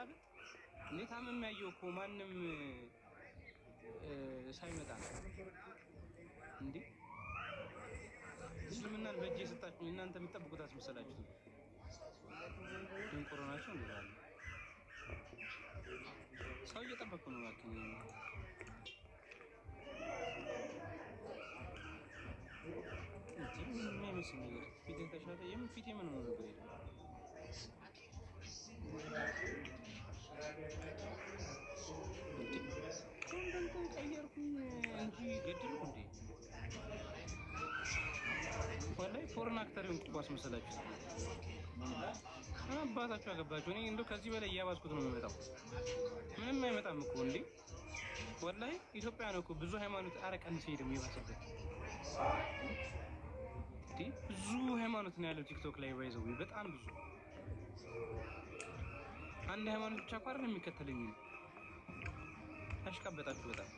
አላል እኔ ታምም ያየው እኮ ማንም ሳይመጣ ነው እንዴ? እስልምናን በእጅ የሰጣችሁ እናንተ የምትጠብቁት አስመሰላችሁ። ድንቁሮ ናቸው እንዴ? ሰው እየጠበቅኩ ነው እባክህ። የሚመስል ነገር ፊቴን ተሻለ የምን ፊቴ ምን ሆነ ነገር የለም ወላሂ ፎረን አክተር የሆንኩ እኮ አስመሰላችሁ። አባታችሁ አገባችሁ። እኔ እንደው ከዚህ በላይ እያባዝኩት ነው የሚመጣው። ምንም አይመጣም እኮ እንዴ! ወላሂ ኢትዮጵያ ነው እኮ ብዙ ሃይማኖት። ኧረ ቀንስ ደግሞ የባሰበት ብዙ ሃይማኖት ነው ያለው ቲክቶክ ላይ ባይዘው በጣም ብዙ አንድ ሃይማኖት ብቻ ቋር ነው የሚከተለኝ። አሽቃበጣችሁ በጣም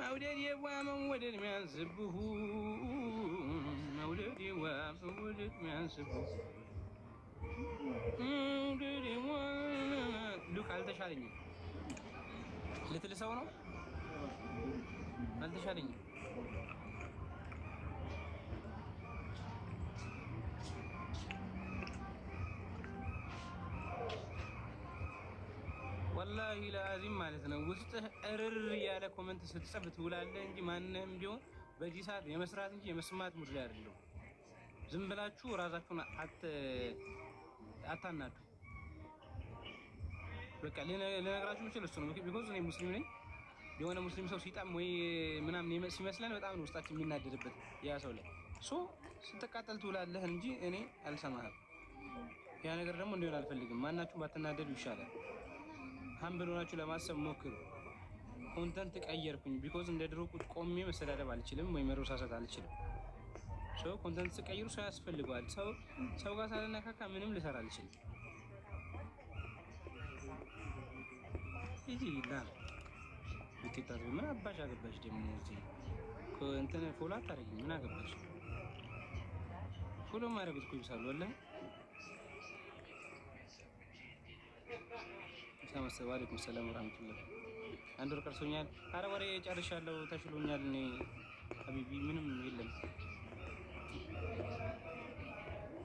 مولدي ومن ولد ما نسبه مولدي ومن ولد ما نسبه ልትል ሰው ነው አልተሻለኝም። ወላሂ ለአዚም ማለት ነው ውስጥህ እርር ያለ ኮመንት ስትጽፍ ትውላለህ እንጂ ማንም ቢሆን በዚህ ሰዓት የመስራት እንጂ የመስማት ሙድ አይደለም። ዝም ብላችሁ ራሳችሁን አታናችሁ። በቃ ልነግራችሁ የምችል እሱ ነው። ቢኮዝ እኔ ሙስሊም ነኝ። የሆነ ሙስሊም ሰው ሲጠም ወይ ምናምን ሲመስለን በጣም ነው ውስጣችን የሚናደድበት ያ ሰው ላይ ሶ ስትቃጠል ትውላለህ እንጂ እኔ አልሰማህም። ያ ነገር ደግሞ እንዲሆን አልፈልግም። ማናችሁም ባትናደዱ ይሻላል። ሀምብል ሆናችሁ ለማሰብ ሞክሩ። ኮንተንት ቀየርኩኝ ቢኮዝ እንደ ድሮ ቁጭ ቆሜ መሰዳደብ አልችልም ወይ መሮሳሰት አልችልም። ሶ ኮንተንት ስቀይሩ ሰው ያስፈልገዋል። ሰው ሰው ጋር ሳልነካካ ምንም ልሰራ አልችልም። ሂጂ ላል ብትጣት ምን አባሽ አገባሽ? ደግሞ እዚህ እንትን ፎሎ አታደርጊ ምን አገባሽ? ፎሎ ማድረግ እኮ ይብሳል። ወላሂ ሰማሰባ አለይኩም ሰላም ወራህመቱላህ። አንድ ወር ቀርሶኛል። አረ ወሬ ጨርሻለሁ። ተሽሎኛል። እኔ ሀቢቢ ምንም የለም።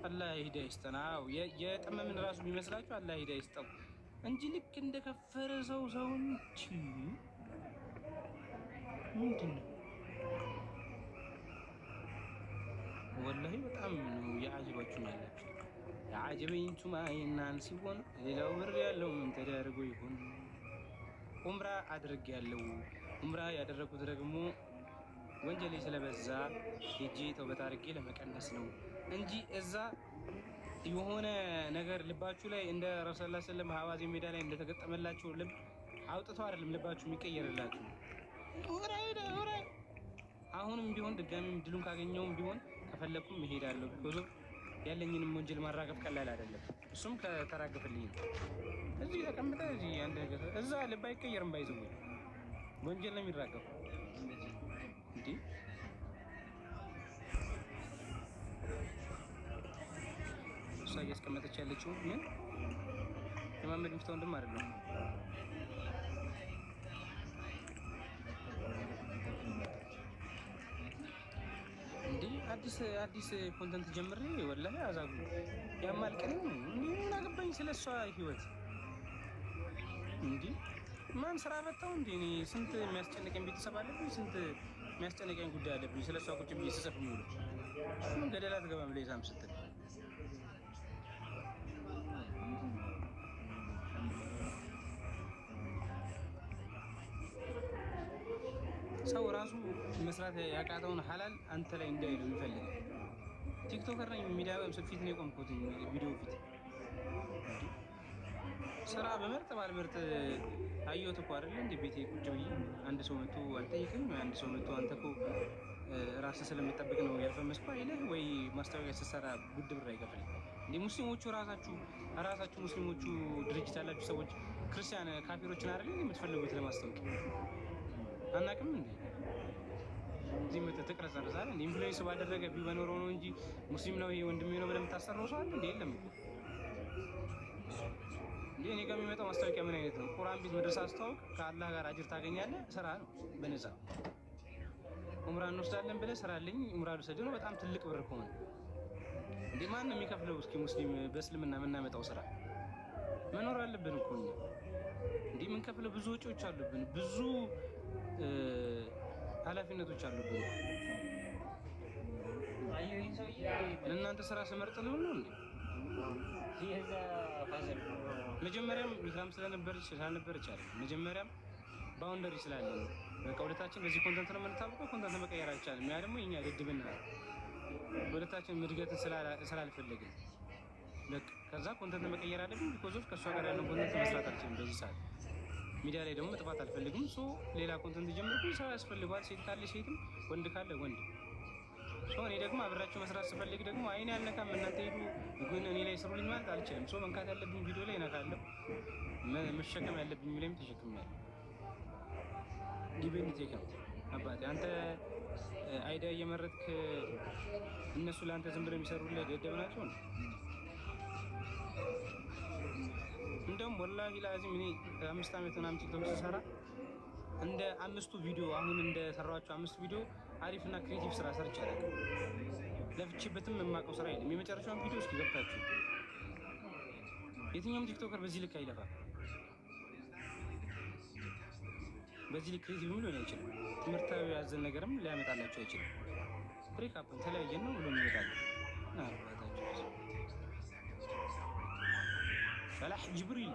አላህ ሂዳ ይስጠን። አዎ የጠመምን ራሱ የሚመስላችሁ አላህ ሂዳ ይስጠው። እንጂ ልክ እንደከፈረ ሰው ሰው እንጂ ምንድን ነው ወላሂ በጣም ነው የአጀባችሁ ያላችሁ። የአጀበኝ ቱማ ሲሆን ሌላው ብር ያለው ምን ተደርጎ ይሆን? ኡምራ አድርግ ያለው ኡምራ ያደረጉት ደግሞ ወንጀሌ ስለበዛ ሄጄ ተው በታርጌ ለመቀነስ ነው እንጂ እዛ የሆነ ነገር ልባችሁ ላይ እንደ ረሱላ ሰለም ሀዋዜ ሜዳ ላይ እንደተገጠመላችሁ ልብ አውጥቶ አይደለም ልባችሁ የሚቀየርላችሁ። አሁንም ቢሆን ድጋሚም ድሉን ካገኘውም ቢሆን ከፈለግኩም እሄዳለሁ። ቢኮዞ ያለኝንም ወንጀል ማራገፍ ቀላል አይደለም። እሱም ከተራገፈልኝ እዚህ ተቀምጠ እዚህ እዛ ልብ አይቀየርም። ባይዘው ወንጀል ነው የሚራገፉ እንዲህ እሷ እያስቀመጠች ያለችው ምን የመሀመድ ሙፍታ ወንድም አይደለም። እንዲህ አዲስ አዲስ ኮንተንት ጀምሬ ወላሂ አዛጉ ያማልቀኝ። ምን አገባኝ ስለ እሷ ህይወት። እንዲህ ማን ስራ በታው እንዴ? እኔ ስንት የሚያስጨንቀኝ ቤተሰብ አለብኝ፣ ስንት የሚያስጨንቀኝ ጉዳይ አለብኝ። ስለ እሷ ቁጭ ብዬ ስጽፍ ምን ገደላ ትገባም ላይ ሳም ስትል ሰው ራሱ መስራት ያቃተውን ሀላል አንተ ላይ ነው የሚፈልግ ቲክቶከር ነኝ ሚዲያ ፊት ነው የቆምኩት። ቪዲዮ ፊት ስራ በምርጥ ባልምርጥ አየሁት እኮ አይደለ እንደ ቤቴ ቁጭ ብዬ አንድ ሰው መቶ አልጠይቅም። አንድ ሰው መቶ አንተ እኮ ራስ ስለምጠብቅ ነው ያልፈመስኩ አይልህ ወይ? ማስታወቂያ ስትሰራ ጉድ ብር አይከፍልም። እንደ ሙስሊሞቹ ራሳችሁ ራሳችሁ ሙስሊሞቹ ድርጅት ያላችሁ ሰዎች ክርስቲያን ካፊሮችን አይደለ የምትፈልጉት ለማስታወቂያ አናውቅም እንዴ? እዚህ ምት ተቀረጸረዛል እንዴ? ኢንፍሉዌንስ ባደረገ ቢሆን ነው እንጂ ሙስሊም ነው ይሄ ወንድሜ ነው ብለህ የምታሰረው ሰው አለ እንዴ? የለም እኮ እንዴ። እኔ ጋር የሚመጣው ማስታወቂያ ምን አይነት ነው? ቁርአን ቤት መድረስ አስተዋውቅ፣ ከአላህ ጋር አጅር ታገኛለህ። ስራ ነው በነፃ ኡምራ እንወስዳለን ብለህ ስራልኝ፣ ኡምራ ልውሰድ ነው። በጣም ትልቅ ብር ከሆነ እንዴ ማን ነው የሚከፍለው? እስኪ ሙስሊም በእስልምና የምናመጣው ስራ መኖር አለብን እኮ እንዴ የምንከፍለው ብዙ ወጪዎች አሉብን፣ ብዙ ኃላፊነቶች አሉብን። ለእናንተ ስራ ስመርጥ ነው ነው መጀመሪያም ኢስላም ስለነበር ስላልነበር ይቻላል። መጀመሪያም ባውንደሪ ስላለ ነው። በቃ ሁለታችን በዚህ ኮንተንት ነው የምንታወቀው። ኮንተንት መቀየር አልቻለም። ያ ደግሞ የኛ ግድብና ሁለታችን እድገትን ስላልፈለግን ከዛ ኮንተንት መቀየር አለብን። ቢኮዞች ከእሷ ጋር ያለው ኮንተንት መስራት አልችልም በዚህ ሰዓት ሚዲያ ላይ ደግሞ መጥፋት አልፈልግም። ሶ ሌላ ኮንተንት ጀምርኩ። ሰው ያስፈልጓል። ሴት ካለ ሴትም፣ ወንድ ካለ ወንድ። ሶ እኔ ደግሞ አብራችሁ መስራት ስፈልግ ደግሞ አይን አልነካም። እናንተ ሄዱ ግን እኔ ላይ ስሩልኝ ማለት አልችልም። ሶ መንካት ያለብኝ ቪዲዮ ላይ እነካለሁ፣ መሸከም ያለብኝ ላይም ተሸክሜያለሁ። ዲቤንድ ቴክ አባቴ አንተ አይዲያ እየመረጥክ እነሱ ለአንተ ዝም ብለው የሚሰሩልህ ደደብ ናቸው ነው ወላሂ ላዚም እኔ አምስት ዓመት ምናምን ቲክቶክ ስሰራ እንደ አምስቱ ቪዲዮ አሁን እንደ እንደሰራኋቸው አምስት ቪዲዮ አሪፍና ክሬቲቭ ስራ ሰርቼ አላውቅም። ለፍቼበትም የማውቀው ስራ የለም። የመጨረሻውን ቪዲዮ እስኪ ገብታችሁ የትኛውም ቲክቶከር በዚህ ልክ አይለፋም። በዚህ ልክ ክሬቲቭም ሊሆን አይችልም። ትምህርታዊ ያዘን ነገርም ሊያመጣላቸው አይችልም። ብሬክ አፕን ተለያየን ነው ብሎ ይመጣል። فلاح جبريل